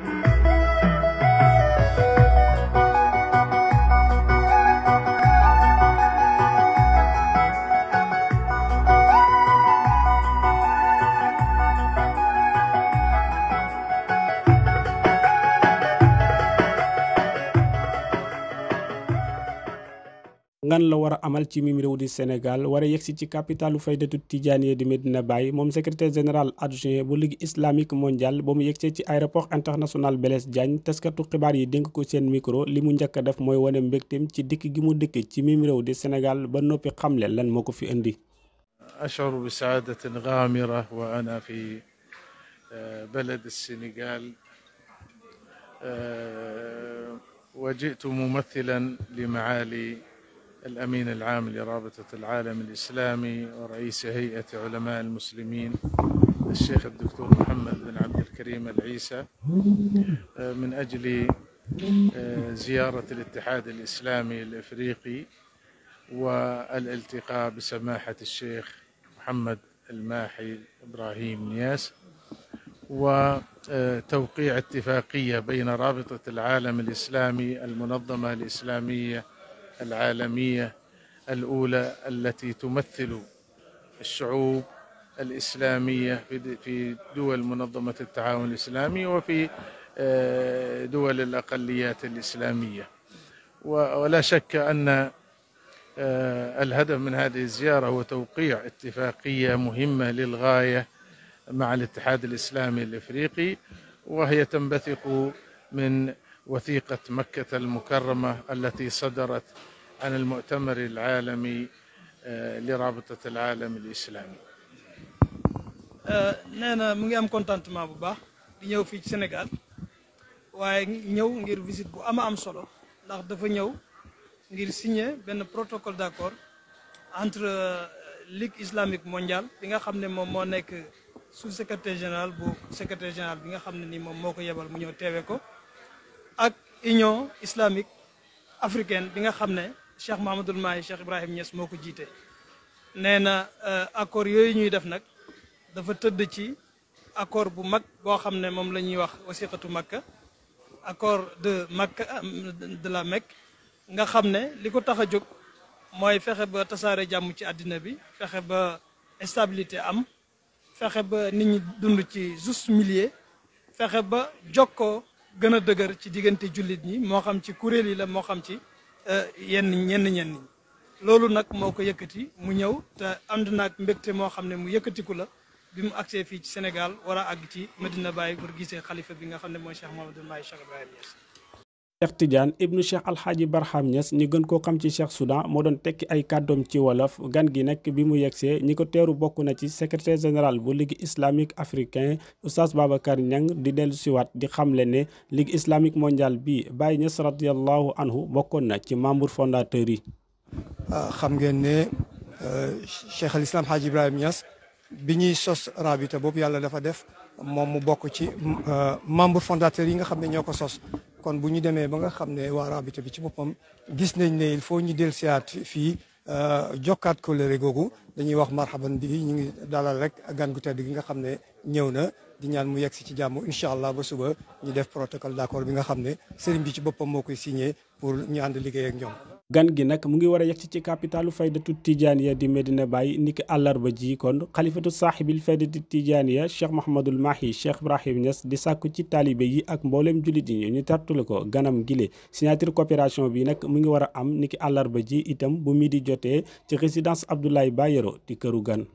Thank you. ngan la wara amal ci mim rew di Sénégal war a yegsi ci fayda faydatu tidiane di Medina bay mom secrétaire général adjoint bu ligue islamique mondial bu mu yegsee ci aéroport international beles Diagne taskatu xibar yi dénk ko sen micro limu mu def moy woné mbégteem ci dik gi mu dikk ci mim rew di Sénégal ba nopi xamle lan moko fi indi أشعر بسعادة غامرة وأنا في بلد السنغال وجئت ممثلا لمعالي الأمين العام لرابطة العالم الإسلامي ورئيس هيئة علماء المسلمين الشيخ الدكتور محمد بن عبد الكريم العيسى آه، من أجل آه، زيارة الاتحاد الإسلامي الإفريقي والالتقاء بسماحة الشيخ محمد الماحي إبراهيم نياس وتوقيع آه، اتفاقية بين رابطة العالم الإسلامي المنظمة الإسلامية العالمية الأولى التي تمثل الشعوب الإسلامية في دول منظمة التعاون الإسلامي وفي آه، دول الأقليات الإسلامية ولا شك أن آه، الهدف من هذه الزيارة هو توقيع اتفاقية مهمة للغاية مع الاتحاد الإسلامي الإفريقي وهي تنبثق من وثيقة مكة المكرمة التي صدرت عن المؤتمر العالمي آه، لرابطة العالم الإسلامي آه، نانا مونغي ام كونتانت ما بو باخ دي نيو في السنغال واي نيو غير فيزيت بو اما ام سولو داخ دا فا نيو غير سيني بن بروتوكول داكور انتر ليغ اسلاميك مونديال ليغا خامني موم مو نيك سو سيكريتير جينيرال بو سيكريتير جينيرال بيغا خامني ني موم موكو يبال مو نيو تيويكو ak union islamique africaine bi nga xam ne Cheikh Mahamadul Mahi Cheikh Ibrahim Niass moo ko jiite nee na euh, accord yooyu ñuy def nag dafa tëdd ci accord bu mag boo xam ne moom la ñuy wax wasiqatu makka accord de makka euh, de la Mecque nga xam ne li ko tax a jóg mooy fexe ba tasaare jàmm ci àddina bi fexe ba stabilité am fexe ba nit ñi dund ci juste milieu fexe ba jokkoo gën a dëgër ci diggante jullit ñi moo xam ci kuréel yi la moo xam ci euh, yenn ñenn ñenn ñi loolu nag moo ko yëkkati mu ñëw te ànd naag mbégte moo xam ne mu yëkkatiku la bi mu agsee fii ci Sénégal war a àgg ci Medina bàyyi pour gisee xalifa bi nga xam ne mooy Cheikh Mouhamadou Mahi Cheikh Ibrahima Niass Cheikh Tidiane Ibn Cheikh Al-Hadji Barham Niass ñi gën ko xam ci Cheikh Soudan mo doon tekki ay kàddoom ci wolof gan gi nak bi mu yexé ñi ko téru bokku na ci secrétaire général bu Ligue islamique africain Oustaz Babacar Niang di ci wat di xamle né Ligue islamique Mondial bi Baye Niass radiyallahu anhu bokkon na ci membre fondateur yi ah, xam ngeen né euh, Cheikh al Islam Hadji Ibrahim Niass bi ñi sos rabita bop yalla dafa def mom mu bokku ci euh, membre fondateur yi nga xam ne sos kon bu ñu demee ba nga xam ne waa rabita bi ci boppam gis nañ ne il faut ñu dellusiwaat fii euh, jokkaat kóllëre googu dañuy wax marhaban bi ñu ngi dalal rek gan gu tedd gi nga xam ne ñëw na di ñaan mu yegg si ci jàmm incha allah ba suba ñu def protocole d'accord bi nga xam ne sëriñ bi ci boppam moo koy signé pour ñu ànd liggéey ak ñoom. gan gi nag mu ngi war a yegg ci capitalu faydatu tijaaniya di Medina Baye niki àllarba ji kon xalifatu saaxibil faydatu tijaaniya cheikh Mouhamadul Mahi cheikh Ibrahim Niass di sàkk ci taalibe yi ak mboolem jullit yi ñu tartule ko ganam gile signature coopération bi nag mu ngi war a am niki àllarba ji itam bu midi jotee ci résidence Abdoulaye Bayero kerugian